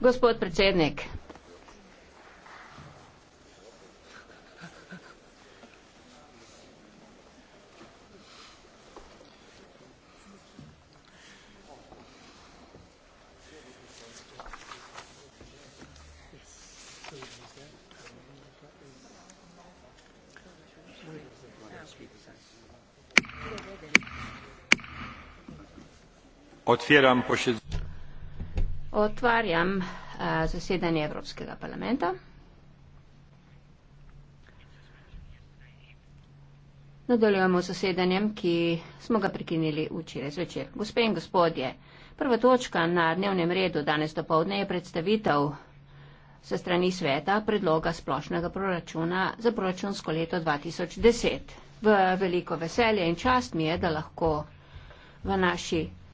Gospod predsednik. Hvala. Otvaram Otvarjam e, zasedanje Evropskega parlamenta. Nadaljujemo z zasedanjem, ki smo ga prekinili včeraj zvečer. Gospe in gospodje, prva točka na dnevnem redu danes dopoledne je predstavitev se strani sveta predloga splošnega proračuna za proračunsko leto 2010. V veliko veselje in čast mi je, da lahko v naši